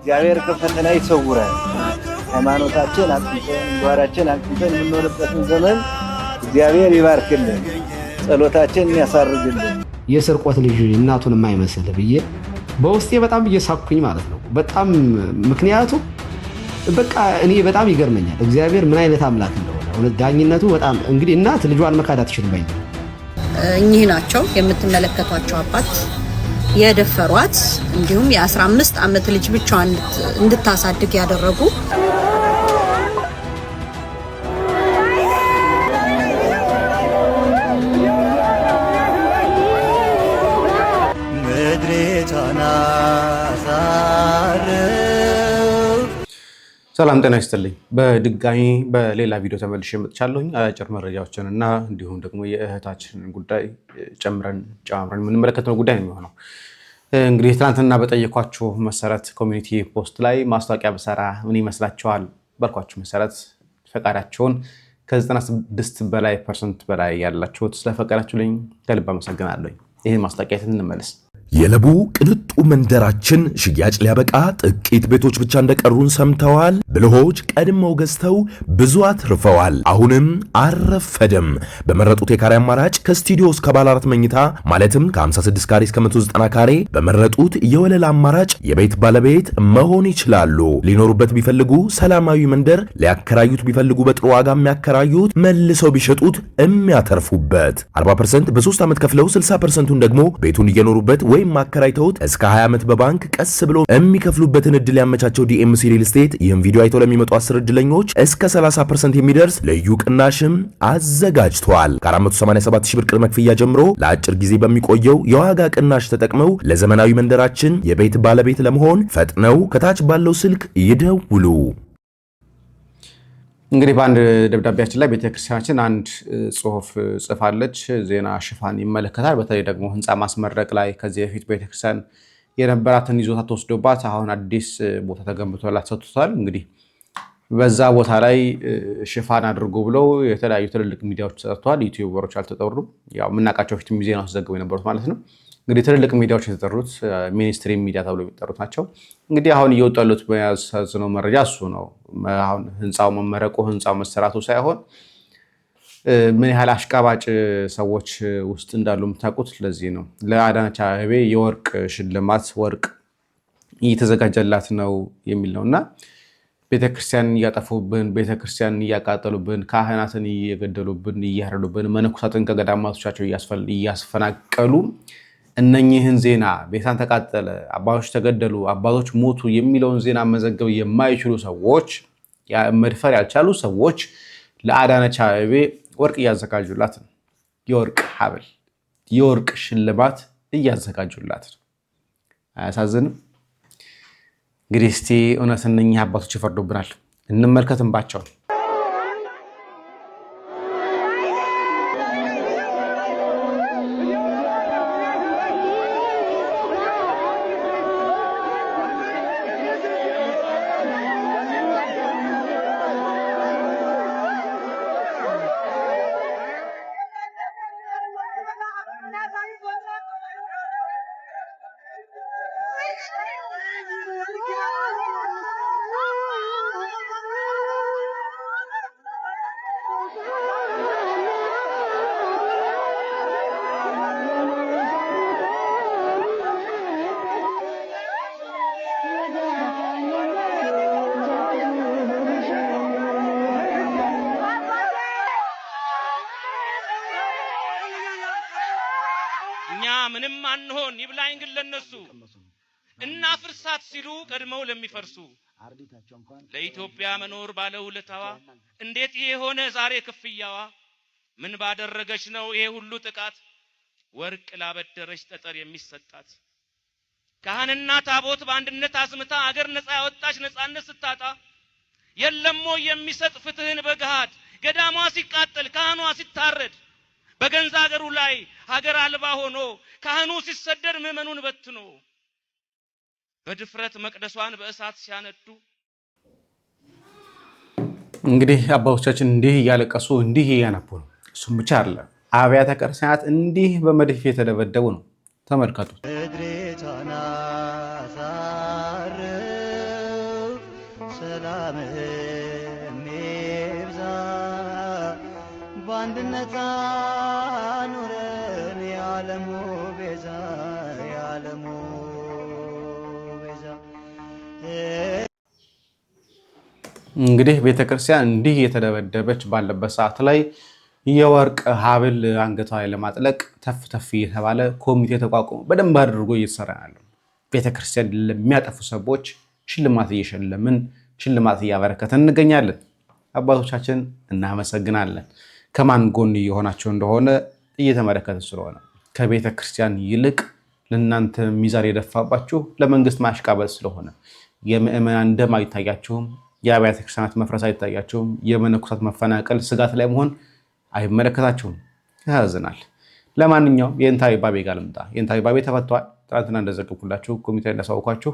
እግዚአብሔር ከፈተና ይሰውራል። ሃይማኖታችን አጥንተን ጓራችን አጥንተን የምንሆንበትን ዘመን እግዚአብሔር ይባርክልን፣ ጸሎታችን ያሳርግልን። የስርቆት ልጅ እናቱን የማይመስል ብዬ በውስጤ በጣም እየሳኩኝ ማለት ነው። በጣም ምክንያቱም በቃ እኔ በጣም ይገርመኛል እግዚአብሔር ምን አይነት አምላክ እንደሆነ ዳኝነቱ። በጣም እንግዲህ እናት ልጇን መካድ አትችልም። እኚህ ናቸው የምትመለከቷቸው አባት የደፈሯት እንዲሁም የ15 ዓመት ልጅ ብቻዋን እንድታሳድግ ያደረጉ ሰላም ጤና ይስጥልኝ። በድጋሚ በሌላ ቪዲዮ ተመልሼ መጥቻለሁኝ። አጫጭር መረጃዎችን እና እንዲሁም ደግሞ የእህታችንን ጉዳይ ጨምረን ጨማምረን የምንመለከት ነው ጉዳይ ነው የሚሆነው። እንግዲህ ትናንትና በጠየኳችሁ መሰረት ኮሚኒቲ ፖስት ላይ ማስታወቂያ ብሰራ ምን ይመስላችኋል ባልኳችሁ መሰረት ፈቃዳችሁን ከ96 በላይ ፐርሰንት በላይ ያላችሁት ስለፈቀዳችሁልኝ ከልብ አመሰግናለሁ ይህን ማስታወቂያ እንመልስ። የለቡ ቅንጡ መንደራችን ሽያጭ ሊያበቃ ጥቂት ቤቶች ብቻ እንደቀሩን ሰምተዋል። ብልሆች ቀድመው ገዝተው ብዙ አትርፈዋል። አሁንም አረፈደም። በመረጡት የካሬ አማራጭ ከስቱዲዮ እስከ ባለ አራት መኝታ ማለትም ከ56 ካሬ እስከ 190 ካሬ በመረጡት የወለል አማራጭ የቤት ባለቤት መሆን ይችላሉ። ሊኖሩበት ቢፈልጉ ሰላማዊ መንደር፣ ሊያከራዩት ቢፈልጉ በጥሩ ዋጋ የሚያከራዩት መልሰው ቢሸጡት የሚያተርፉበት 40% በ3 ዓመት ከፍለው 60%ን ደግሞ ቤቱን እየኖሩበት ወይም ማከራይተውት እስከ 20 ዓመት በባንክ ቀስ ብሎ የሚከፍሉበትን እድል ያመቻቸው ዲኤምሲ ሪል ስቴት ይህም ቪዲዮ ቪዲዮ አይተው ለሚመጡ አስር እድለኞች እስከ 30% የሚደርስ ልዩ ቅናሽም አዘጋጅቷል። ከ487000 ብር ቅድመ ክፍያ ጀምሮ ለአጭር ጊዜ በሚቆየው የዋጋ ቅናሽ ተጠቅመው ለዘመናዊ መንደራችን የቤት ባለቤት ለመሆን ፈጥነው ከታች ባለው ስልክ ይደውሉ። እንግዲህ በአንድ ደብዳቤያችን ላይ ቤተክርስቲያናችን አንድ ጽሁፍ ጽፋለች። ዜና ሽፋን ይመለከታል። በተለይ ደግሞ ህንፃ ማስመረቅ ላይ ከዚህ በፊት ቤተክርስቲያን የነበራትን ይዞታ ተወስዶባት አሁን አዲስ ቦታ ተገንብቶላት ሰጥቶታል። እንግዲህ በዛ ቦታ ላይ ሽፋን አድርጎ ብለው የተለያዩ ትልልቅ ሚዲያዎች ተጠርተዋል። ዩቲዩበሮች አልተጠሩም። ያው የምናውቃቸው ፊት ዜና ሲዘግቡ የነበሩት ማለት ነው። እንግዲህ ትልልቅ ሚዲያዎች የተጠሩት ሚኒስትሪ ሚዲያ ተብሎ የሚጠሩት ናቸው። እንግዲህ አሁን እየወጡ ያሉት በያሳዝነው መረጃ እሱ ነው። አሁን ህንፃው መመረቁ ህንፃው መሰራቱ ሳይሆን ምን ያህል አሽቃባጭ ሰዎች ውስጥ እንዳሉ የምታውቁት ለዚህ ነው። ለአዳነች አቤቤ የወርቅ ሽልማት ወርቅ እየተዘጋጀላት ነው የሚል ነው እና ቤተክርስቲያንን እያጠፉብን፣ ቤተክርስቲያንን እያቃጠሉብን፣ ካህናትን እየገደሉብን፣ እያረዱብን፣ መነኮሳትን ከገዳማቶቻቸው እያስፈናቀሉ እነኝህን ዜና ቤታን ተቃጠለ፣ አባቶች ተገደሉ፣ አባቶች ሞቱ የሚለውን ዜና መዘገብ የማይችሉ ሰዎች፣ መድፈር ያልቻሉ ሰዎች ለአዳነች አቤቤ ወርቅ እያዘጋጁላት ነው። የወርቅ ሀብል፣ የወርቅ ሽልማት እያዘጋጁላት ነው። አያሳዝንም? እንግዲህ እስቲ እውነት እነኚህ አባቶች ይፈርዱብናል። እንመልከትንባቸውን እና ፍርሳት ሲሉ ቀድመው ለሚፈርሱ ለኢትዮጵያ መኖር ባለውለታዋ እንዴት ይሄ ሆነ ዛሬ ክፍያዋ? ምን ባደረገች ነው ይሄ ሁሉ ጥቃት? ወርቅ ላበደረች ጠጠር የሚሰጣት ካህንና ታቦት በአንድነት አዝምታ አገር ነፃ ያወጣች ነፃነት ስታጣ የለሞ የሚሰጥ ፍትህን በግሃድ ገዳሟ ሲቃጠል ካህኗ ሲታረድ በገንዛ ሀገሩ ላይ ሀገር አልባ ሆኖ ካህኑ ሲሰደድ ምዕመኑን በትኖ በድፍረት መቅደሷን በእሳት ሲያነዱ እንግዲህ አባቶቻችን እንዲህ እያለቀሱ እንዲህ እያነቡ ነው። እሱም ብቻ አለ አብያተ ክርስቲያናት እንዲህ በመድፍ የተደበደቡ ነው። ተመልከቱ። ሰላም እንግዲህ ቤተክርስቲያን እንዲህ የተደበደበች ባለበት ሰዓት ላይ የወርቅ ሀብል አንገቷ ላይ ለማጥለቅ ተፍ ተፍ እየተባለ ኮሚቴ ተቋቁሞ በደንብ አድርጎ እየተሰራ ያለ ቤተክርስቲያን ለሚያጠፉ ሰዎች ሽልማት እየሸለምን ሽልማት እያበረከትን እንገኛለን። አባቶቻችን እናመሰግናለን። ከማን ጎን እየሆናቸው እንደሆነ እየተመለከትን ስለሆነ ከቤተክርስቲያን ይልቅ ለእናንተ ሚዛን የደፋባችሁ ለመንግስት ማሽቃበል ስለሆነ የምዕመናን ደም አይታያቸውም። የአብያተ ክርስቲያናት መፍረስ አይታያቸውም። የመነኮሳት መፈናቀል ስጋት ላይ መሆን አይመለከታቸውም። ያሳዝናል። ለማንኛውም የእንታዊ ባቤ ጋር ልምጣ። የእንታዊ ባቤ ተፈቷል። ትናንትና እንደዘገብኩላችሁ ኮሚቴ እንዳሳውኳችሁ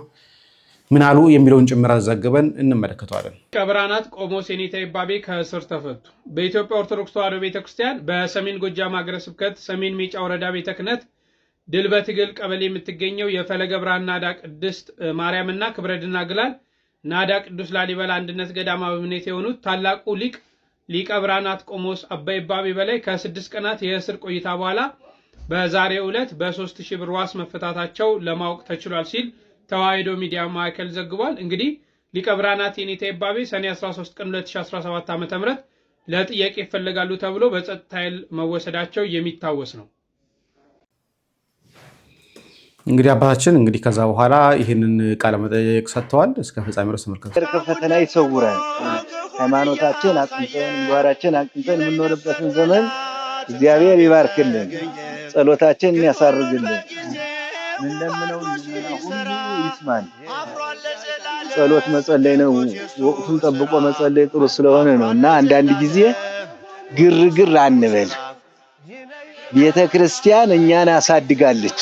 ምን አሉ የሚለውን ጭምር አዘግበን እንመለከተዋለን። ሊቀ ብርሃናት ቆሞስ የኔታ ይባቤ ከእስር ተፈቱ። በኢትዮጵያ ኦርቶዶክስ ተዋሕዶ ቤተክርስቲያን በሰሜን ጎጃም ሀገረ ስብከት ሰሜን ሜጫ ወረዳ ቤተ ክህነት ድል በትግል ቀበሌ የምትገኘው የፈለገ ብርሃን ናዳ ቅድስት ማርያምና ክብረ ግላል ናዳ ቅዱስ ላሊበላ አንድነት ገዳማ በምኔት የሆኑት ታላቁ ሊቅ ሊቀ ብርሃናት ቆሞስ አባ ይባቤ በላይ ከስድስት ቀናት የእስር ቆይታ በኋላ በዛሬ ዕለት በሶስት ሺህ ብር ዋስ መፈታታቸው ለማወቅ ተችሏል ሲል ተዋሕዶ ሚዲያ ማዕከል ዘግቧል። እንግዲህ ሊቀ ብርሃናት የኔታ ይባቤ ሰኔ 13 ቀን 2017 ዓ ም ለጥያቄ ይፈለጋሉ ተብሎ በጸጥታ ኃይል መወሰዳቸው የሚታወስ ነው። እንግዲህ አባታችን እንግዲህ ከዛ በኋላ ይህንን ቃለ መጠየቅ ሰጥተዋል። እስከ ፍጻሜ ድረስ ተመልከቱ። ፈተና ይሰውራል። ሃይማኖታችን አጥንተን ምግባራችን አጥንተን የምንኖርበትን ዘመን እግዚአብሔር ይባርክልን፣ ጸሎታችን ያሳርግልን፣ ምንለምነው ሁሉ ይስማል። ጸሎት መጸለይ ነው። ወቅቱን ጠብቆ መጸለይ ጥሩ ስለሆነ ነው እና አንዳንድ ጊዜ ግርግር አንበል። ቤተ ክርስቲያን እኛን አሳድጋለች።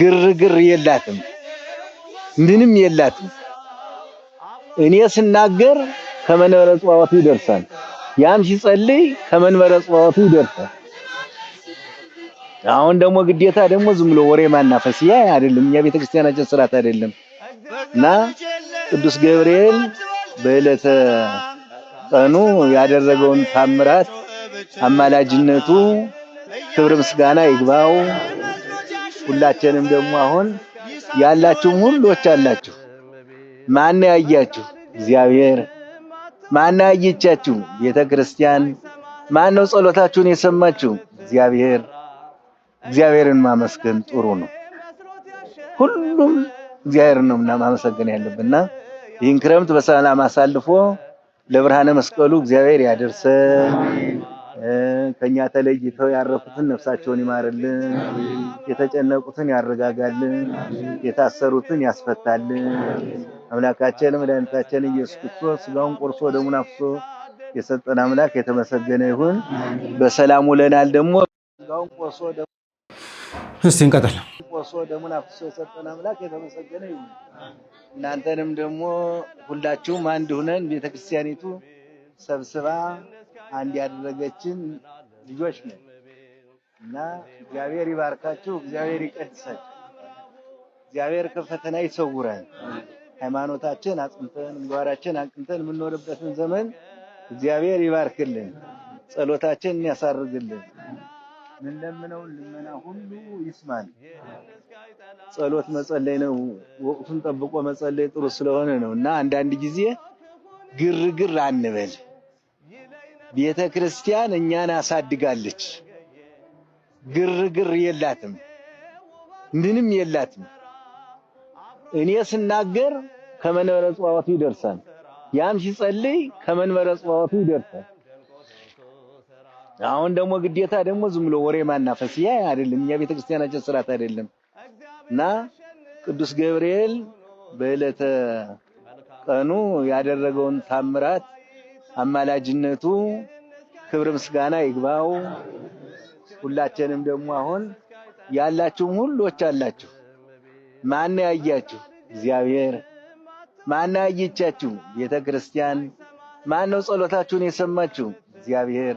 ግርግር የላትም፣ ምንም የላትም። እኔ ስናገር ከመንበረ ጽዋወቱ ይደርሳል። ያም ሲጸልይ ከመንበረ ጽዋወቱ ይደርሳል። አሁን ደግሞ ግዴታ ደግሞ ዝም ብሎ ወሬ ማናፈስ ያ አይደለም፣ እኛ ቤተክርስቲያናችን ስርዓት አይደለም። እና ቅዱስ ገብርኤል በዕለተ ቀኑ ያደረገውን ታምራት አማላጅነቱ ክብር ምስጋና ይግባው። ሁላችንም ደግሞ አሁን ያላችሁም ሁሎች አላችሁ። ማን ያያችሁ? እግዚአብሔር። ማን ያየቻችሁ? ቤተ ክርስቲያን። ማን ነው ጸሎታችሁን የሰማችሁ? እግዚአብሔር። እግዚአብሔርን ማመስገን ጥሩ ነው። ሁሉም እግዚአብሔርን ነው ማመሰገን ያለብንና ይህን ክረምት በሰላም አሳልፎ ለብርሃነ መስቀሉ እግዚአብሔር ያደርሰን። ከኛ ተለይተው ያረፉትን ነፍሳቸውን ይማርልን፣ የተጨነቁትን ያረጋጋልን፣ የታሰሩትን ያስፈታልን። አምላካችን መድኃኒታችን ኢየሱስ ክርስቶስ ስጋውን ቆርሶ ደሙን አፍሶ የሰጠን አምላክ የተመሰገነ ይሁን። በሰላም ውለናል። ደግሞ ስጋውን ቆርሶ እስቲ እንቀጥል። ቆርሶ ደሙን አፍሶ የሰጠን አምላክ የተመሰገነ ይሁን። እናንተንም ደግሞ ሁላችሁም አንድ ሁነን ቤተክርስቲያኒቱ ሰብስባ አንድ ያደረገችን ልጆች ነን እና እግዚአብሔር ይባርካችሁ፣ እግዚአብሔር ይቀድሳችሁ፣ እግዚአብሔር ከፈተና ይሰውራል። ሃይማኖታችን አጽንተን ምግባራችን አቅንተን የምንኖርበትን ዘመን እግዚአብሔር ይባርክልን፣ ጸሎታችንን ያሳርግልን። ምንለምነውን ልመና ሁሉ ይስማል። ጸሎት መጸለይ ነው። ወቅቱን ጠብቆ መጸለይ ጥሩ ስለሆነ ነው እና አንዳንድ ጊዜ ግርግር አንበል። ቤተ ክርስቲያን እኛን አሳድጋለች። ግርግር የላትም፣ ምንም የላትም። እኔ ስናገር ከመንበረ ጸዋቱ ይደርሳል። ያም ሲጸልይ ከመንበረ ጸዋቱ ይደርሳል። አሁን ደግሞ ግዴታ ደግሞ ዝም ብሎ ወሬ ማናፈስ ያ አይደለም፣ እኛ ቤተ ክርስቲያናችን ስርዓት አይደለም። እና ቅዱስ ገብርኤል በዕለተ ቀኑ ያደረገውን ታምራት አማላጅነቱ ክብር ምስጋና ይግባው። ሁላችንም ደግሞ አሁን ያላችሁም ሁሎች አላችሁ። ማን ያያችሁ? እግዚአብሔር። ማን ያይቻችሁ? ቤተ ክርስቲያን። ማን ነው ጸሎታችሁን የሰማችሁ? እግዚአብሔር።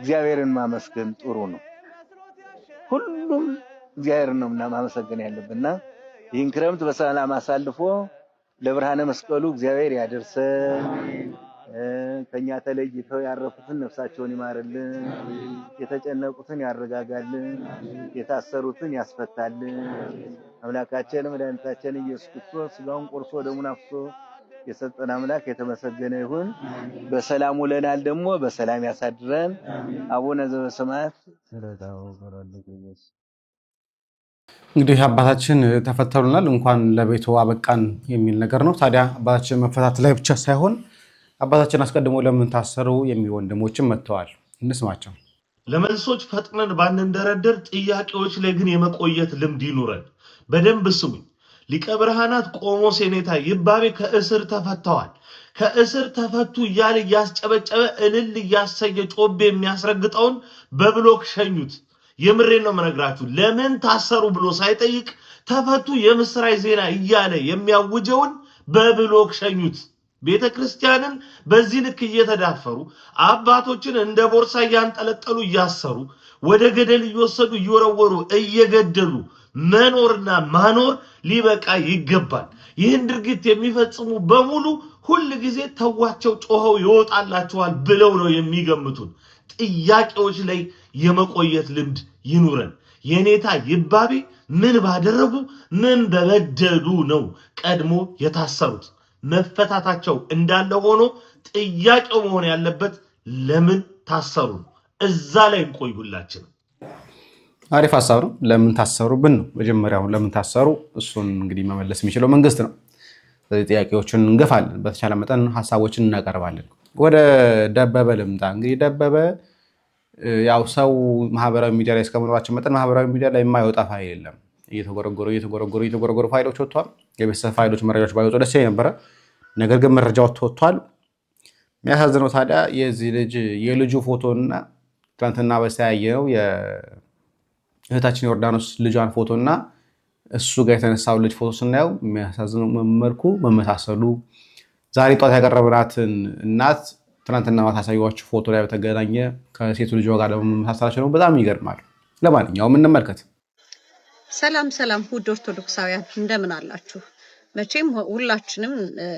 እግዚአብሔርን ማመስገን ጥሩ ነው። ሁሉም እግዚአብሔርን ነው ማመሰገን ያለብንና ይህን ክረምት በሰላም አሳልፎ ለብርሃነ መስቀሉ እግዚአብሔር ያደርሰን። ከኛ ተለይተው ያረፉትን ነፍሳቸውን ይማርልን፣ የተጨነቁትን ያረጋጋልን፣ የታሰሩትን ያስፈታልን። አምላካችን መድኃኒታችን ኢየሱስ ክርስቶስ ስጋውን ቆርሶ ደሙን አፍሶ የሰጠን አምላክ የተመሰገነ ይሁን። በሰላም ውለናል፣ ደግሞ በሰላም ያሳድረን። አቡነ ዘበሰማያት እንግዲህ አባታችን ተፈተሉናል፣ እንኳን ለቤቱ አበቃን የሚል ነገር ነው። ታዲያ አባታችን መፈታት ላይ ብቻ ሳይሆን አባታችን አስቀድሞ ለምን ታሰሩ የሚሉ ወንድሞችም መጥተዋል። እንስማቸው። ለመልሶች ፈጥነን ባንንደረደር፣ ጥያቄዎች ላይ ግን የመቆየት ልምድ ይኑረን። በደንብ ስሙኝ። ሊቀ ብርሃናት ቆሞ ሴኔታ ይባቤ ከእስር ተፈተዋል። ከእስር ተፈቱ እያለ እያስጨበጨበ እልል እያሰየ ጮቤ የሚያስረግጠውን በብሎክ ሸኙት። የምሬን ነው የምነግራችሁ። ለምን ታሰሩ ብሎ ሳይጠይቅ ተፈቱ የምስራች ዜና እያለ የሚያውጀውን በብሎክ ሸኙት። ቤተ ክርስቲያንን በዚህ ልክ እየተዳፈሩ አባቶችን እንደ ቦርሳ እያንጠለጠሉ እያሰሩ ወደ ገደል እየወሰዱ እየወረወሩ እየገደሉ መኖርና ማኖር ሊበቃ ይገባል። ይህን ድርጊት የሚፈጽሙ በሙሉ ሁል ጊዜ ተዋቸው፣ ጮኸው ይወጣላቸዋል ብለው ነው የሚገምቱን። ጥያቄዎች ላይ የመቆየት ልምድ ይኑረን። የኔታ ይባቤ ምን ባደረጉ ምን በበደሉ ነው ቀድሞ የታሰሩት? መፈታታቸው እንዳለ ሆኖ ጥያቄው መሆን ያለበት ለምን ታሰሩ? እዛ ላይ እንቆዩላችን። አሪፍ ሀሳብ ነው። ለምን ታሰሩብን ነው መጀመሪያው። ለምን ታሰሩ? እሱን እንግዲህ መመለስ የሚችለው መንግስት ነው። ጥያቄዎችን እንገፋለን፣ በተቻለ መጠን ሀሳቦችን እናቀርባለን። ወደ ደበበ ልምጣ። እንግዲህ ደበበ ያው ሰው ማህበራዊ ሚዲያ ላይ እስከመኖራችን መጠን ማህበራዊ ሚዲያ ላይ የማይወጣ ፋይል የለም እየተጎረጎረ እየተጎረጎረ እየተጎረጎረ ፋይሎች ወጥቷል። የቤተሰብ ፋይሎች መረጃዎች ባይወጡ ደስ ነበረ። ነገር ግን መረጃ ወጥቷል። የሚያሳዝነው ታዲያ የዚህ ልጅ የልጁ ፎቶና ትናንትና በስተያየ ነው የእህታችን ዮርዳኖስ ልጇን ፎቶና እሱ ጋር የተነሳው ልጅ ፎቶ ስናየው የሚያሳዝነው መልኩ መመሳሰሉ ዛሬ ጠዋት ያቀረብናትን እናት ትናንትና ማታሳያችሁ ፎቶ ላይ በተገናኘ ከሴቱ ልጅ ጋር ለመመሳሰላቸው ነው። በጣም ይገርማል። ለማንኛውም እንመልከት። ሰላም ሰላም ውድ ኦርቶዶክሳውያን እንደምን አላችሁ? መቼም ሁላችንም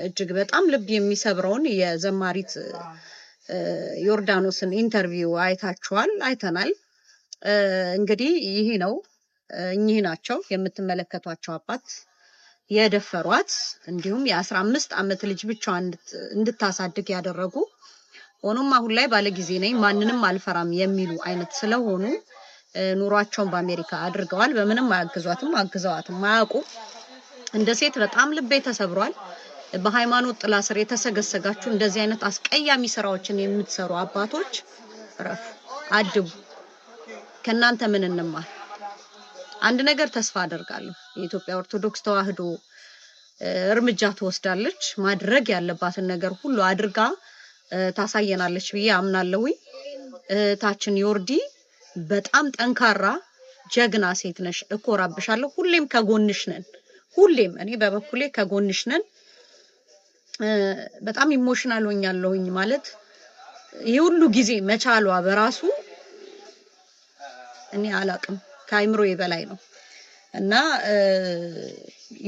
እጅግ በጣም ልብ የሚሰብረውን የዘማሪት ዮርዳኖስን ኢንተርቪው አይታችኋል፣ አይተናል። እንግዲህ ይህ ነው እኚህ ናቸው የምትመለከቷቸው አባት የደፈሯት እንዲሁም የአስራ አምስት ዓመት ልጅ ብቻዋን እንድታሳድግ ያደረጉ ሆኖም አሁን ላይ ባለጊዜ ነኝ ማንንም አልፈራም የሚሉ አይነት ስለሆኑ ኑሯቸውን በአሜሪካ አድርገዋል። በምንም አያግዟትም፣ አግዘዋትም አያውቁ። እንደ ሴት በጣም ልቤ ተሰብሯል። በሃይማኖት ጥላ ስር የተሰገሰጋችሁ እንደዚህ አይነት አስቀያሚ ስራዎችን የምትሰሩ አባቶች ረፍ አድቡ። ከእናንተ ምን እንማር? አንድ ነገር ተስፋ አደርጋለሁ። የኢትዮጵያ ኦርቶዶክስ ተዋህዶ እርምጃ ትወስዳለች። ማድረግ ያለባትን ነገር ሁሉ አድርጋ ታሳየናለች ብዬ አምናለሁ። እህታችን ዮርዲ በጣም ጠንካራ ጀግና ሴት ነሽ፣ እኮራብሻለሁ። ሁሌም ከጎንሽ ነን። ሁሌም እኔ በበኩሌ ከጎንሽ ነን። በጣም ኢሞሽናል ሆኛለሁኝ። ማለት ይህ ሁሉ ጊዜ መቻሏ በራሱ እኔ አላቅም ከአይምሮ በላይ ነው። እና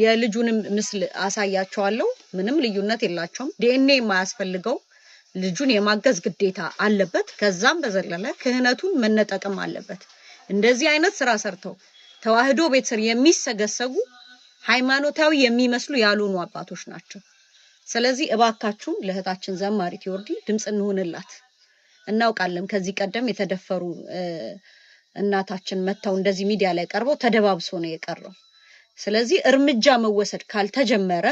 የልጁንም ምስል አሳያቸዋለሁ። ምንም ልዩነት የላቸውም። ዲኤንኤ የማያስፈልገው ልጁን የማገዝ ግዴታ አለበት። ከዛም በዘለለ ክህነቱን መነጠቅም አለበት። እንደዚህ አይነት ስራ ሰርተው ተዋህዶ ቤት ስር የሚሰገሰጉ ሃይማኖታዊ የሚመስሉ ያልሆኑ አባቶች ናቸው። ስለዚህ እባካችሁ ለእህታችን ዘማሪት ዮርዲ ድምፅ እንሆንላት። እናውቃለን ከዚህ ቀደም የተደፈሩ እናታችን መጥተው እንደዚህ ሚዲያ ላይ ቀርበው ተደባብሶ ነው የቀረው። ስለዚህ እርምጃ መወሰድ ካልተጀመረ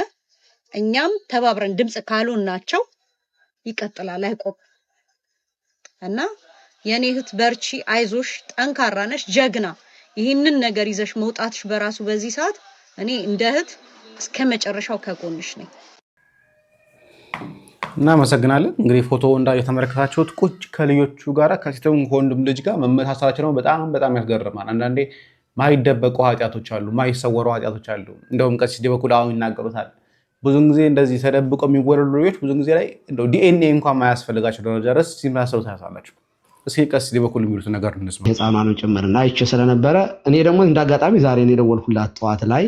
እኛም ተባብረን ድምፅ ካልሆን ናቸው ይቀጥላል አይቆም እና የኔ እህት በርቺ፣ አይዞሽ፣ ጠንካራ ነሽ፣ ጀግና ይህንን ነገር ይዘሽ መውጣትሽ በራሱ በዚህ ሰዓት እኔ እንደ እህት እስከ መጨረሻው ከጎንሽ ነኝ። እናመሰግናለን። እንግዲህ ፎቶ እንዳ የተመለከታችሁት ቁጭ ከልጆቹ ጋር ከሴትም ከወንድም ልጅ ጋር መመሳሰላቸው ነው። በጣም በጣም ያስገርማል። አንዳንዴ ማይደበቁ ኃጢአቶች አሉ፣ ማይሰወሩ ኃጢአቶች አሉ። እንደውም ቀሲስ በኩል አሁን ይናገሩታል ብዙን ጊዜ እንደዚህ ተደብቀው የሚወለዱ ልጆች ብዙ ጊዜ ላይ ዲኤንኤ እንኳን ማያስፈልጋቸው ደረጃ ድረስ ሲመሳሰሉ ታያሳላችሁ። እስኪ ቀስ በኩል የሚሉት ነገር እንስማ። ህፃኗ ነው ጭምርና አይቼ ስለነበረ እኔ ደግሞ እንደ አጋጣሚ ዛሬ እኔ የደወልኩላት ጠዋት ላይ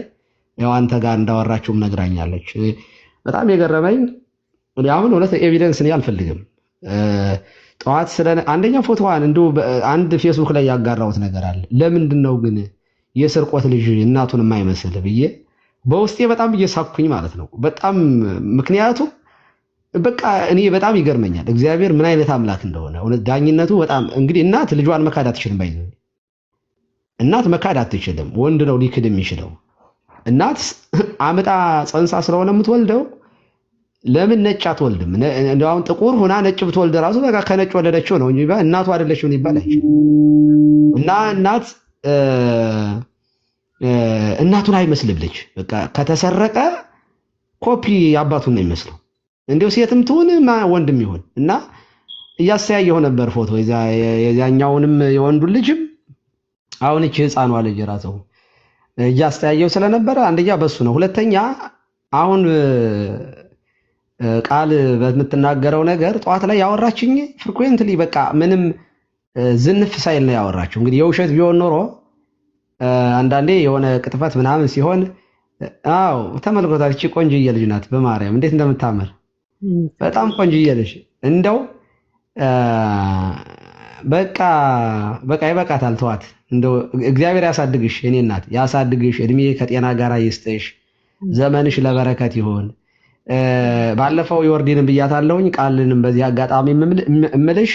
ያው አንተ ጋር እንዳወራችሁም ነግራኛለች። በጣም የገረመኝ አሁን እውነት ኤቪደንስ እኔ አልፈልግም። ጠዋት ስለ አንደኛ ፎቶዋን እንዲሁ አንድ ፌስቡክ ላይ ያጋራሁት ነገር አለ። ለምንድን ነው ግን የስርቆት ልጅ እናቱን የማይመስል ብዬ በውስጤ በጣም እየሳኩኝ ማለት ነው። በጣም ምክንያቱ በቃ እኔ በጣም ይገርመኛል እግዚአብሔር ምን አይነት አምላክ እንደሆነ እውነት ዳኝነቱ በጣም እንግዲህ እናት ልጇን መካድ አትችልም። ባይ እናት መካድ አትችልም። ወንድ ነው ሊክድ የሚችለው። እናት አምጣ ፀንሳ ስለሆነ የምትወልደው ለምን ነጭ አትወልድም? እንዲሁም ጥቁር ሁና ነጭ ብትወልድ ራሱ በቃ ከነጭ ወለደችው ነው እንጂ እናቱ አይደለችም ይባላል እና እናት እናቱን አይመስልም ልጅ። በቃ ከተሰረቀ ኮፒ አባቱን ነው የሚመስለው። እንዲሁ ሴትም ትሁን ወንድም ይሁን እና እያስተያየሁ ነበር ፎቶ የዛኛውንም የወንዱን ልጅም አሁን እቺ ህፃኗ ልጅ ራሰው እያስተያየው ስለነበረ አንደኛ በሱ ነው። ሁለተኛ አሁን ቃል በምትናገረው ነገር ጠዋት ላይ ያወራችኝ ፍሪኩዌንትሊ በቃ ምንም ዝንፍ ሳይል ነው ያወራችው። እንግዲህ የውሸት ቢሆን ኖሮ አንዳንዴ የሆነ ቅጥፈት ምናምን ሲሆን አዎ ተመልኮታት። እቺ ቆንጆዬ ልጅ ናት፣ በማርያም እንዴት እንደምታምር በጣም ቆንጅዬ ልጅ እንደው በቃ በቃ ይበቃታል፣ ተዋት። እንደው እግዚአብሔር ያሳድግሽ የኔ እናት ያሳድግሽ፣ እድሜ ከጤና ጋር ይስጥሽ፣ ዘመንሽ ለበረከት ይሆን ባለፈው የወርዲንም ብያታለሁኝ፣ ቃልንም በዚህ አጋጣሚ እምልሽ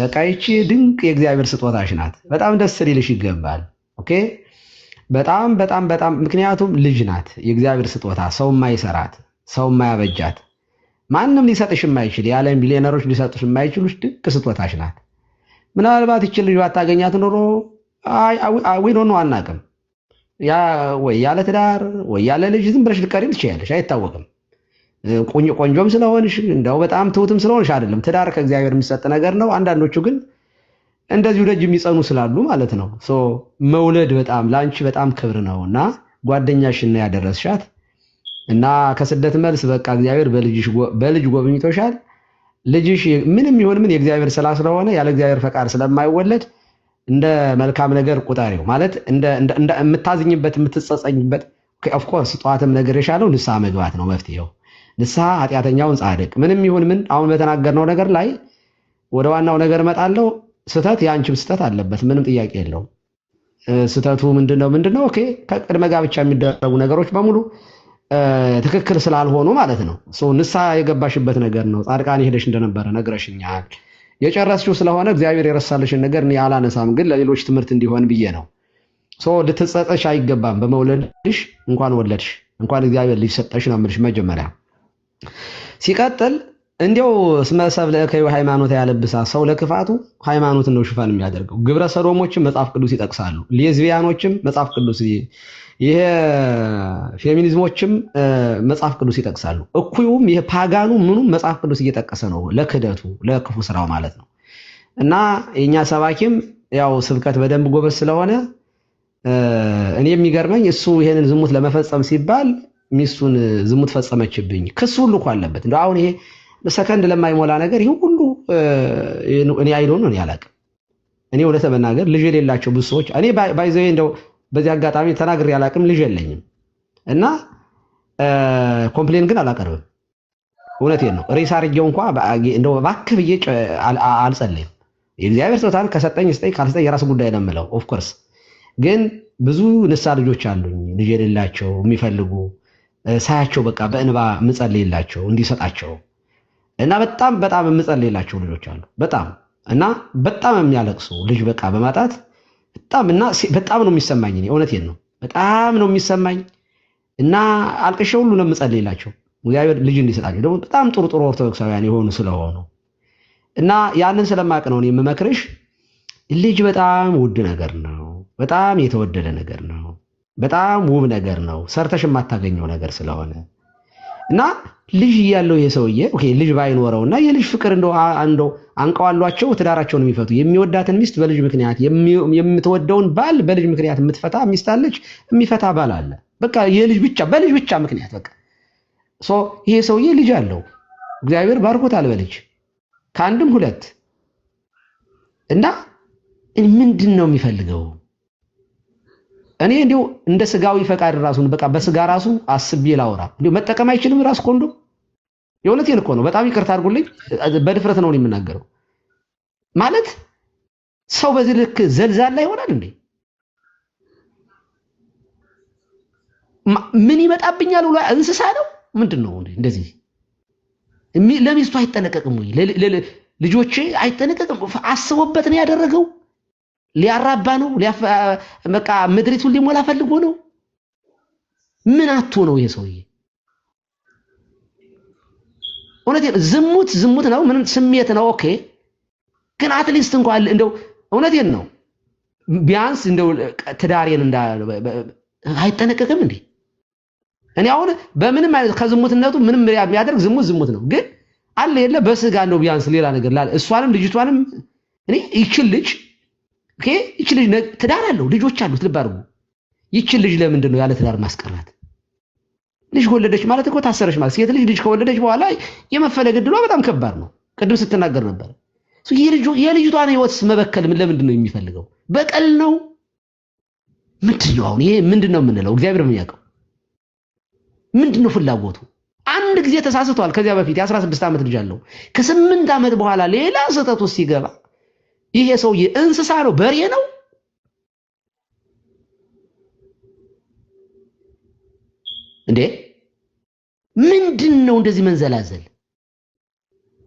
በቃ ይቺ ድንቅ የእግዚአብሔር ስጦታሽ ናት። በጣም ደስ ሊልሽ ይገባል። ኦኬ በጣም በጣም በጣም ምክንያቱም ልጅ ናት የእግዚአብሔር ስጦታ ሰው ማይሰራት ሰው ማያበጃት ማንም ሊሰጥሽ የማይችል የዓለም ሚሊዮነሮች ሊሰጡሽ የማይችሉ ድንቅ ስጦታሽ ናት። ምናልባት ይችን ልጅ ባታገኛት ኖሮ ኖ አናቅም ወይ ያለ ትዳር ወይ ያለ ልጅ ዝም ብለሽ ልቀሪም ትችያለሽ፣ አይታወቅም። ቆንጆም ስለሆንሽ እንደው በጣም ትሁትም ስለሆንሽ አይደለም። ትዳር ከእግዚአብሔር የሚሰጥ ነገር ነው። አንዳንዶቹ ግን እንደዚሁ ደጅ የሚጸኑ ስላሉ ማለት ነው። መውለድ በጣም ለአንቺ በጣም ክብር ነው እና ጓደኛሽን ያደረስሻት እና ከስደት መልስ በቃ እግዚአብሔር በልጅ ጎብኝቶሻል። ልጅሽ ምንም ይሁን ምን የእግዚአብሔር ስላ ስለሆነ ያለ እግዚአብሔር ፈቃድ ስለማይወለድ እንደ መልካም ነገር ቁጠሪው ማለት የምታዝኝበት የምትጸጸኝበት። ኦፍኮርስ ጠዋትም ነገር የሻለው ንስሐ መግባት ነው መፍትሄው። ንስሐ ኃጢአተኛውን ጻድቅ ምንም ይሁን ምን አሁን በተናገርነው ነገር ላይ ወደ ዋናው ነገር እመጣለሁ። ስህተት የአንቺም ስህተት አለበት፣ ምንም ጥያቄ የለውም። ስህተቱ ምንድነው? ምንድነው? ኦኬ ከቅድመ ጋብቻ የሚደረጉ ነገሮች በሙሉ ትክክል ስላልሆኑ ማለት ነው። ንሳ የገባሽበት ነገር ነው። ጻድቃን ሄደሽ እንደነበረ ነግረሽኛል። የጨረስችው ስለሆነ እግዚአብሔር የረሳልሽን ነገር እኔ አላነሳም፣ ግን ለሌሎች ትምህርት እንዲሆን ብዬ ነው። ልትጸጸሽ አይገባም። በመውለድሽ እንኳን ወለድሽ፣ እንኳን እግዚአብሔር ልጅ ሰጠሽ ነው የምልሽ መጀመሪያ። ሲቀጥል እንዲያው እስመ ሰብእ ሃይማኖት ያለብሳ ሰው ለክፋቱ ሃይማኖትን ነው ሽፋን የሚያደርገው። ግብረ ሰዶሞችም መጽሐፍ ቅዱስ ይጠቅሳሉ። ሌዝቢያኖችም መጽሐፍ ቅዱስ ይሄ ፌሚኒዝሞችም መጽሐፍ ቅዱስ ይጠቅሳሉ። እኩዩም ይሄ ፓጋኑ ምኑም መጽሐፍ ቅዱስ እየጠቀሰ ነው ለክደቱ ለክፉ ስራው ማለት ነው። እና የኛ ሰባኪም ያው ስብከት በደንብ ጎበዝ ስለሆነ እኔ የሚገርመኝ እሱ ይሄንን ዝሙት ለመፈጸም ሲባል ሚስቱን ዝሙት ፈጸመችብኝ ክስ ሁሉ እኮ አለበት። እንደው አሁን ይሄ ሰከንድ ለማይሞላ ነገር ይህ ሁሉ እኔ አይለውን እኔ አላቅም። እኔ እውነት ለመናገር ልጅ የሌላቸው ብዙ ሰዎች እኔ ባይዘ እንደው በዚህ አጋጣሚ ተናግሬ አላቅም፣ ልጅ የለኝም እና ኮምፕሌን ግን አላቀርብም። እውነቴን ነው። ሬሳ አድርጌው እንኳ እንደው እባክህ ብዬ አልጸለይም። የእግዚአብሔር ስጦታን ከሰጠኝ ስጠኝ፣ ካልሰጠኝ የራስ ጉዳይ ነው የምለው። ኦፍኮርስ ግን ብዙ ንሳ ልጆች አሉኝ ልጅ የሌላቸው የሚፈልጉ ሳያቸው በቃ በእንባ ምጸልይላቸው እንዲሰጣቸው እና በጣም በጣም የምጸልይላቸው ልጆች አሉ። በጣም እና በጣም የሚያለቅሱ ልጅ በቃ በማጣት በጣም እና በጣም ነው የሚሰማኝ። እውነቴን ነው በጣም ነው የሚሰማኝ እና አልቅሼ ሁሉ ነው የምጸልይላቸው እግዚአብሔር ልጅ እንዲሰጣቸው ደግሞ በጣም ጥሩ ጥሩ ኦርቶዶክሳውያን የሆኑ ስለሆኑ እና ያንን ስለማቅ ነው የምመክርሽ። ልጅ በጣም ውድ ነገር ነው። በጣም የተወደደ ነገር ነው። በጣም ውብ ነገር ነው። ሰርተሽ የማታገኘው ነገር ስለሆነ እና ልጅ እያለው ይሄ ኦኬ ልጅ ባይኖረው እና የልጅ ፍቅር እንደው አንዶ አንቀዋሏቸው ትዳራቸውን የሚፈቱ የሚወዳትን ሚስት በልጅ ምክንያት የምትወደውን ባል በልጅ ምክንያት የምትፈታ ሚስት አለች፣ የሚፈታ ባል አለ። በቃ የልጅ ብቻ በልጅ ብቻ ምክንያት በቃ ሶ ይሄ ሰውዬ ልጅ አለው፣ እግዚአብሔር ባርኮታል በልጅ ከአንድም ሁለት እና ምንድን ነው የሚፈልገው? እኔ እንዲሁ እንደ ስጋዊ ፈቃድ ራሱን በቃ በስጋ ራሱ አስቤ ላወራ እንዲሁ መጠቀም አይችልም ራስ ኮንዶም። የእውነቴን እኮ ነው። በጣም ይቅርታ አድርጉልኝ፣ በድፍረት ነው የምናገረው። ማለት ሰው በዚህ ልክ ዘልዛላ ይሆናል እንዴ? ምን ይመጣብኛል ብሎ እንስሳ ነው ምንድን ነው እንደዚህ? ለሚስቱ አይጠነቀቅም ወይ? ልጆቼ አይጠነቀቅም? አስቦበት ነው ያደረገው? ሊያራባ ነው። በቃ ምድሪቱን ሊሞላ ፈልጎ ነው። ምን አቶ ነው ይሄ ሰውዬ? እውነቴን ዝሙት ዝሙት ነው። ምንም ስሜት ነው። ኦኬ ግን አትሊስት እንኳን እንደው እውነቴን ነው ቢያንስ እንደው ትዳሬን እንዳ አይጠነቀቅም እንዴ? እኔ አሁን በምንም አይነት ከዝሙትነቱ ምንም የሚያደርግ ዝሙት ዝሙት ነው። ግን አለ የለ በስጋ እንደው ቢያንስ ሌላ ነገር እሷንም ልጅቷንም እኔ ይችል ልጅ ኦኬ ይቺ ልጅ ትዳር አለው ልጆች አሉት። ልብ አድርጉ። ልጅ ለምንድን ነው ያለ ትዳር ማስቀራት? ልጅ ወለደች ማለት እኮ ታሰረች ማለት። ሴት ልጅ ልጅ ከወለደች በኋላ የመፈለግ ዕድሏ በጣም ከባድ ነው። ቅድም ስትናገር ነበር። የልጅቷን ሕይወት መበከል ለምንድን ነው የሚፈልገው? በቀል ነው ምንድን ነው? አሁን ይሄ ምንድን ነው የምንለው? እግዚአብሔር የሚያውቀው ምንድን ነው ፍላጎቱ? አንድ ጊዜ ተሳስቷል። ከዚያ በፊት የ16 ዓመት ልጅ አለው። ከስምንት ዓመት በኋላ ሌላ ስህተት ውስጥ ሲገባ ይሄ ሰውዬ እንስሳ ነው፣ በሬ ነው። እንዴ ምንድን ነው እንደዚህ መንዘላዘል?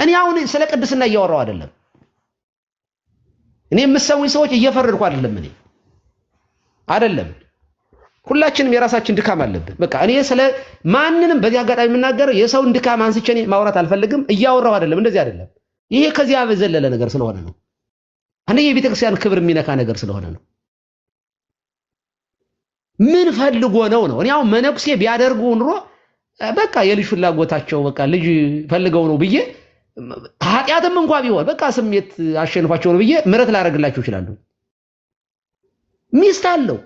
እኔ አሁን ስለ ቅድስና እያወራው አይደለም። እኔ የምሰውኝ ሰዎች እየፈረድኩ አይደለም። እኔ አይደለም ሁላችንም የራሳችን ድካም አለብን። በቃ እኔ ስለ ማንንም በዚህ አጋጣሚ የምናገረው የሰውን ድካም አንስቼ ማውራት አልፈልግም። እያወራው አይደለም፣ እንደዚህ አይደለም። ይሄ ከዚህ ያበዘለለ ነገር ስለሆነ ነው። አንደኛ የቤተ ክርስቲያን ክብር የሚነካ ነገር ስለሆነ ነው። ምን ፈልጎ ነው ነው? እኔ አሁን መነኩሴ ቢያደርጉ ኑሮ በቃ የልጅ ፍላጎታቸው በቃ ልጅ ፈልገው ነው ብዬ ኃጢአትም እንኳ ቢሆን በቃ ስሜት አሸንፏቸው ነው ብዬ ምሕረት ላደርግላቸው ይችላሉ። ሚስት አለው፣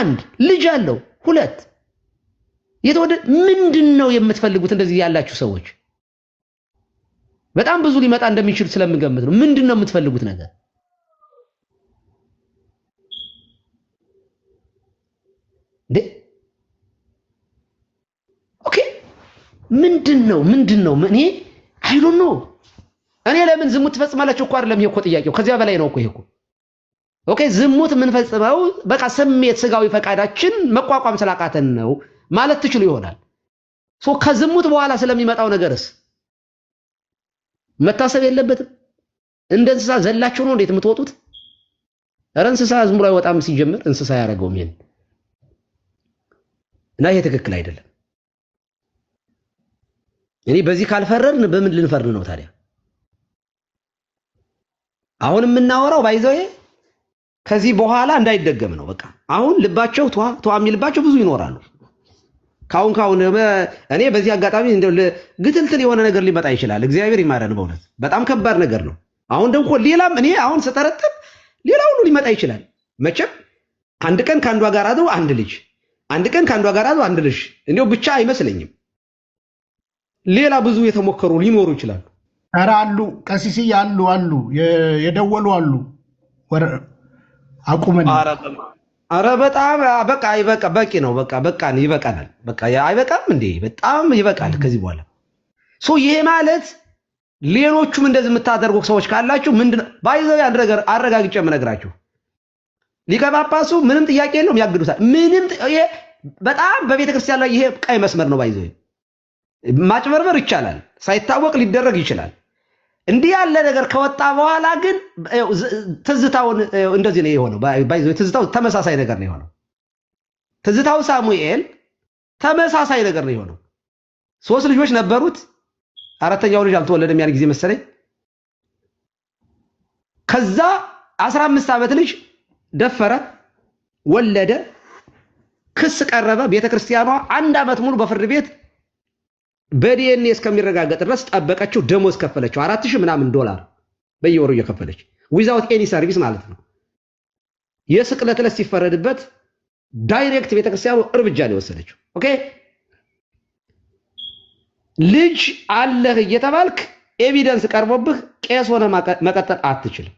አንድ ልጅ አለው፣ ሁለት የተወደደ ምንድን ነው የምትፈልጉት? እንደዚህ ያላችሁ ሰዎች በጣም ብዙ ሊመጣ እንደሚችል ስለምገምት ነው። ምንድን ነው የምትፈልጉት ነገር? እንዴ ኦኬ፣ ምንድን ነው ምንድን ነው? እኔ አይሉን ነው እኔ ለምን ዝሙት ትፈጽማላችሁ እኮ አይደለም። ይሄ እኮ ጥያቄው ከዚያ በላይ ነው እኮ ይሄ እኮ ኦኬ። ዝሙት የምንፈጽመው በቃ ስሜት፣ ስጋዊ ፈቃዳችን መቋቋም ስላቃተን ነው ማለት ትችሉ ይሆናል። ከዝሙት በኋላ ስለሚመጣው ነገርስ መታሰብ የለበትም። እንደ እንስሳ ዘላችሁ ነው እንዴት የምትወጡት? እረ እንስሳ ዝም አይወጣም። ሲጀምር እንስሳ ያደረገውም ይሄን እና ይሄ ትክክል አይደለም። እኔ በዚህ ካልፈረድን በምን ልንፈርድ ነው ታዲያ? አሁን የምናወራው ባይዘው ከዚህ በኋላ እንዳይደገም ነው። በቃ አሁን ልባቸው ቷ ተዋ የሚልባቸው ብዙ ይኖራሉ። ካሁን ካሁን እኔ በዚህ አጋጣሚ ግትልትል የሆነ ነገር ሊመጣ ይችላል። እግዚአብሔር ይማረን። በእውነት በጣም ከባድ ነገር ነው። አሁን ደግሞ ሌላም እኔ አሁን ስጠረጥር ሌላ ሁሉ ሊመጣ ይችላል። መቼም አንድ ቀን ከአንዷ ጋር አድሮ አንድ ልጅ፣ አንድ ቀን ከአንዷ ጋር አድሮ አንድ ልጅ እንዲሁ ብቻ አይመስለኝም። ሌላ ብዙ የተሞከሩ ሊኖሩ ይችላሉ። ኧረ አሉ ቀሲስ አሉ አሉ የደወሉ አሉ አቁመን አረ በጣም በቃ አይበቃ በቂ ነው። በቃ በቃ ይበቃናል። በቃ አይበቃም እንዴ? በጣም ይበቃል። ከዚህ በኋላ ሶ ይሄ ማለት ሌሎቹም እንደዚህ የምታደርጉ ሰዎች ካላችሁ ምንድነው ባይዘው አንድ ነገር አረጋግጬ የምነግራችሁ ሊቀ ጳጳሱ ምንም ጥያቄ የለውም፣ ያግዱታል። ምንም ይሄ በጣም በቤተ ክርስቲያን ላይ ይሄ ቀይ መስመር ነው። ባይዘው ማጭበርበር ይቻላል፣ ሳይታወቅ ሊደረግ ይችላል። እንዲህ ያለ ነገር ከወጣ በኋላ ግን ትዝታውን እንደዚህ ነው የሆነው። ትዝታው ተመሳሳይ ነገር ነው የሆነው። ትዝታው ሳሙኤል ተመሳሳይ ነገር ነው የሆነው። ሶስት ልጆች ነበሩት። አራተኛው ልጅ አልተወለደም ያን ጊዜ መሰለኝ። ከዛ አስራ አምስት ዓመት ልጅ ደፈረ፣ ወለደ። ክስ ቀረበ። ቤተክርስቲያኗ አንድ ዓመት ሙሉ በፍርድ ቤት በዲኤንኤ እስከሚረጋገጥ ድረስ ጠበቀችው። ደሞዝ ከፈለችው አራት ሺህ ምናምን ዶላር በየወሩ እየከፈለች ዊዛውት ኤኒ ሰርቪስ ማለት ነው። የስቅለት ዕለት ሲፈረድበት ዳይሬክት ቤተክርስቲያኑ እርምጃ ነው የወሰደችው። ኦኬ ልጅ አለህ እየተባልክ ኤቪደንስ ቀርቦብህ ቄስ ሆነ መቀጠል አትችልም።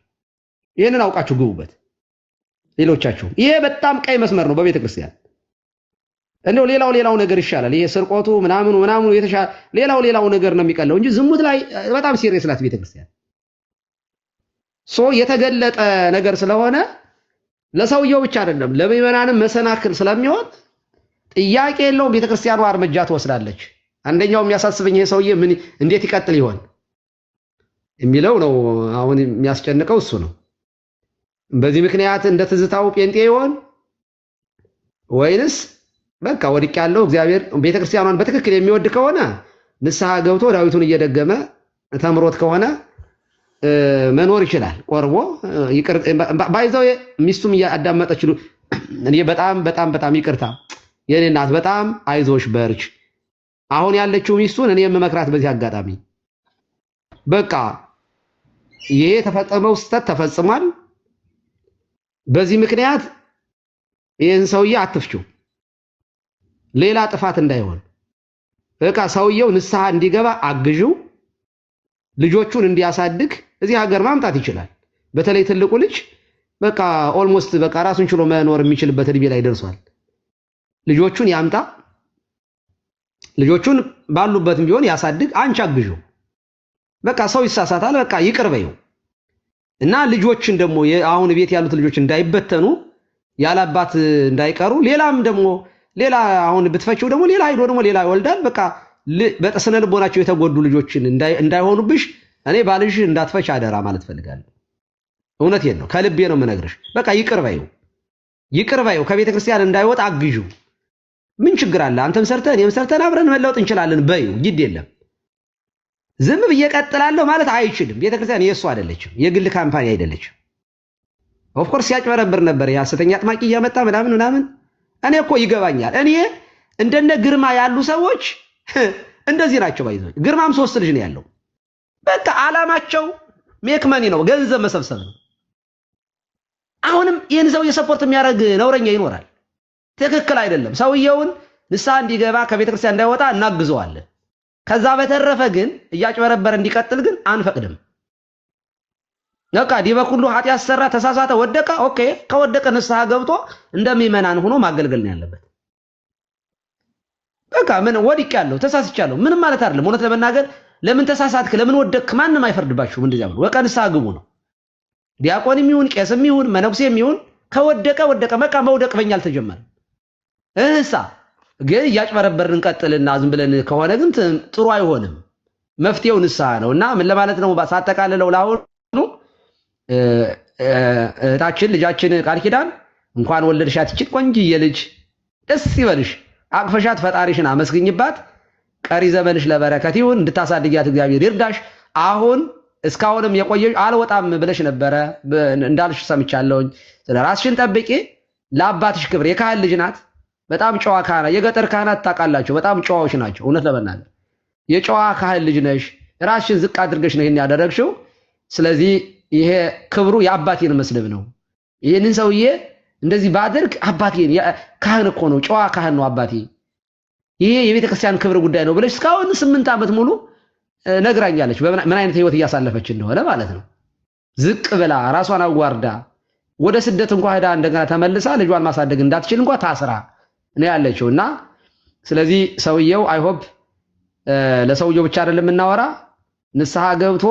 ይህንን አውቃችሁ ግቡበት ሌሎቻችሁም። ይሄ በጣም ቀይ መስመር ነው በቤተክርስቲያን እንደው ሌላው ሌላው ነገር ይሻላል። ይሄ ስርቆቱ ምናምኑ ምናምኑ የተሻለ ሌላው ሌላው ነገር ነው የሚቀለው እንጂ ዝሙት ላይ በጣም ሲሪየስ ናት ቤተክርስቲያን። ሶ የተገለጠ ነገር ስለሆነ ለሰውየው ብቻ አይደለም ለምዕመናንም መሰናክል ስለሚሆን ጥያቄ የለውም። ቤተክርስቲያኗ እርምጃ ትወስዳለች። አንደኛው የሚያሳስበኝ ይሄ ሰውዬ ምን እንዴት ይቀጥል ይሆን የሚለው ነው። አሁን የሚያስጨንቀው እሱ ነው። በዚህ ምክንያት እንደ ትዝታው ጴንጤ ይሆን ወይንስ በቃ ወድቅ ያለው እግዚአብሔር ቤተክርስቲያኗን በትክክል የሚወድ ከሆነ ንስሐ ገብቶ ዳዊቱን እየደገመ ተምሮት ከሆነ መኖር ይችላል። ቆርቦ ባይዘው ሚስቱም እያዳመጠች እኔ በጣም በጣም በጣም ይቅርታ የኔ እናት በጣም አይዞሽ በርች። አሁን ያለችው ሚስቱን እኔ የምመክራት በዚህ አጋጣሚ በቃ ይሄ የተፈጸመው ስህተት ተፈጽሟል። በዚህ ምክንያት ይህን ሰውዬ አትፍችው። ሌላ ጥፋት እንዳይሆን በቃ ሰውየው ንስሐ እንዲገባ አግዥው፣ ልጆቹን እንዲያሳድግ እዚህ ሀገር ማምጣት ይችላል። በተለይ ትልቁ ልጅ በቃ ኦልሞስት በቃ ራሱን ችሎ መኖር የሚችልበት እድሜ ላይ ደርሷል። ልጆቹን ያምጣ፣ ልጆቹን ባሉበትም ቢሆን ያሳድግ፣ አንቺ አግዥው። በቃ ሰው ይሳሳታል፣ በቃ ይቅር እና ልጆችን ደግሞ አሁን ቤት ያሉት ልጆች እንዳይበተኑ ያላባት እንዳይቀሩ ሌላም ደግሞ ሌላ አሁን ብትፈችው ደግሞ ሌላ ሂዶ ደግሞ ሌላ ይወልዳል። በቃ በስነ ልቦናቸው የተጎዱ ልጆችን እንዳይሆኑብሽ እኔ ባልሽ እንዳትፈች አደራ ማለት ፈልጋለሁ። እውነቴን ነው፣ ከልቤ ነው የምነግርሽ። በቃ ይቅር በይው፣ ይቅር በይው። ከቤተ ክርስቲያን እንዳይወጣ አግዢው። ምን ችግር አለ? አንተም ሰርተህ እኔም ሰርተን አብረን መለወጥ እንችላለን በዩ ግድ የለም ዝም ብዬ ማለት አይችልም። ቤተክርስቲያን የእሱ አይደለችም፣ የግል ካምፓኒ አይደለችም። ኦፍኮርስ ያጭበረብር ነበር የሐሰተኛ አጥማቂ እያመጣ ምናምን ምናምን እኔ እኮ ይገባኛል። እኔ እንደነ ግርማ ያሉ ሰዎች እንደዚህ ናቸው። ባይዘ ግርማም ሶስት ልጅ ነው ያለው። በቃ አላማቸው ሜክመኒ ነው፣ ገንዘብ መሰብሰብ ነው። አሁንም ይህን ሰው ሰፖርት የሚያደርግ ነውረኛ ይኖራል። ትክክል አይደለም። ሰውየውን ንስሐ እንዲገባ ከቤተክርስቲያን እንዳይወጣ እናግዘዋለን። ከዛ በተረፈ ግን እያጭበረበረ እንዲቀጥል ግን አንፈቅድም። በቃ ዲበ ሁሉ ኃጢአት ሰራ፣ ተሳሳተ፣ ወደቀ። ኦኬ ከወደቀ ንስሐ ገብቶ እንደሚመናን ሆኖ ማገልገል ነው ያለበት። በቃ ምን ወድቄያለሁ፣ ተሳስቻለሁ፣ ምንም ማለት አይደለም። እውነት ለመናገር ለምን ተሳሳትክ፣ ለምን ወደቅክ፣ ማንም አይፈርድባችሁም። እንደዚያ ብሎ በቃ ንስሐ ግቡ ነው። ዲያቆንም ይሁን ቄስም ይሁን መነኩሴም ይሁን ከወደቀ ወደቀ። በቃ መውደቅ በኛ አልተጀመረም። እህሳ ግን እያጭበረበርን ቀጥልና ዝም ብለን ከሆነ ግን ጥሩ አይሆንም። መፍትሄው ንስሐ ነው እና ምን ለማለት ነው ሳጠቃልለው ለአሁን እህታችን ልጃችን ቃል ኪዳን እንኳን ወለድሻት ይችን ቆንጅዬ ልጅ ደስ ይበልሽ፣ አቅፈሻት ፈጣሪሽን አመስግኝባት። ቀሪ ዘመንሽ ለበረከት ይሁን፣ እንድታሳድጊያት እግዚአብሔር ይርዳሽ። አሁን እስካሁንም የቆየሽ አልወጣም ብለሽ ነበረ እንዳልሽ ሰምቻለሁኝ። ስለ ራስሽን ጠብቂ፣ ለአባትሽ ክብር። የካህን ልጅ ናት፣ በጣም ጨዋ ካህና። የገጠር ካህናት ታውቃላቸው፣ በጣም ጨዋዎች ናቸው። እውነት ለመናገር የጨዋ ካህን ልጅ ነሽ። ራስሽን ዝቅ አድርገሽ ነው ይህን ያደረግሽው። ስለዚህ ይሄ ክብሩ የአባቴን መስደብ ነው። ይህንን ሰውዬ እንደዚህ ባደርግ አባቴን ካህን እኮ ነው፣ ጨዋ ካህን ነው አባቴ። ይሄ የቤተ ክርስቲያን ክብር ጉዳይ ነው ብለሽ እስካሁን ስምንት ዓመት ሙሉ ነግራኛለች፣ ምን አይነት ህይወት እያሳለፈች እንደሆነ ማለት ነው። ዝቅ ብላ ራሷን አዋርዳ ወደ ስደት እንኳ ሄዳ እንደገና ተመልሳ ልጇን ማሳደግ እንዳትችል እንኳ ታስራ ነው ያለችው። እና ስለዚህ ሰውየው አይሆብ ለሰውየው ብቻ አይደለም የምናወራ ንስሐ ገብቶ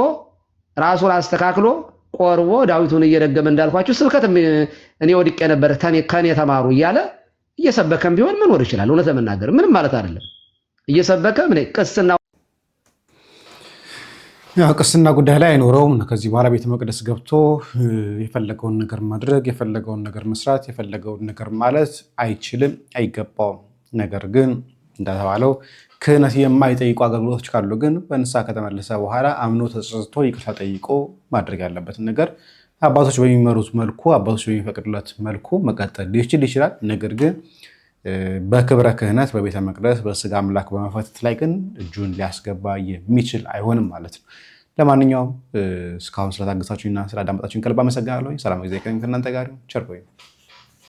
ራሱን አስተካክሎ ቆርቦ ዳዊቱን እየደገመ እንዳልኳችሁ ስብከት እኔ ወድቄ ነበር ከኔ ተማሩ እያለ እየሰበከም ቢሆን መኖር ይችላል። እውነት ለመናገር ምንም ማለት አይደለም። እየሰበከም ቅስና ቅስና ጉዳይ ላይ አይኖረውም። ከዚህ በኋላ ቤተ መቅደስ ገብቶ የፈለገውን ነገር ማድረግ፣ የፈለገውን ነገር መስራት፣ የፈለገውን ነገር ማለት አይችልም፣ አይገባውም። ነገር ግን እንደተባለው ክህነት የማይጠይቁ አገልግሎቶች ካሉ ግን በንሳ ከተመለሰ በኋላ አምኖ ተጸጽቶ ይቅርታ ጠይቆ ማድረግ ያለበትን ነገር አባቶች በሚመሩት መልኩ አባቶች በሚፈቅዱለት መልኩ መቀጠል ሊችል ይችላል። ነገር ግን በክብረ ክህነት በቤተ መቅደስ በስጋ አምላክ በመፈተት ላይ ግን እጁን ሊያስገባ የሚችል አይሆንም ማለት ነው። ለማንኛውም እስካሁን ስለታገሳችሁና ስላዳመጣችሁን ከልብ አመሰግናለሁ። ሰላም ጊዜ ከእናንተ ጋር ቸር ቆዩ።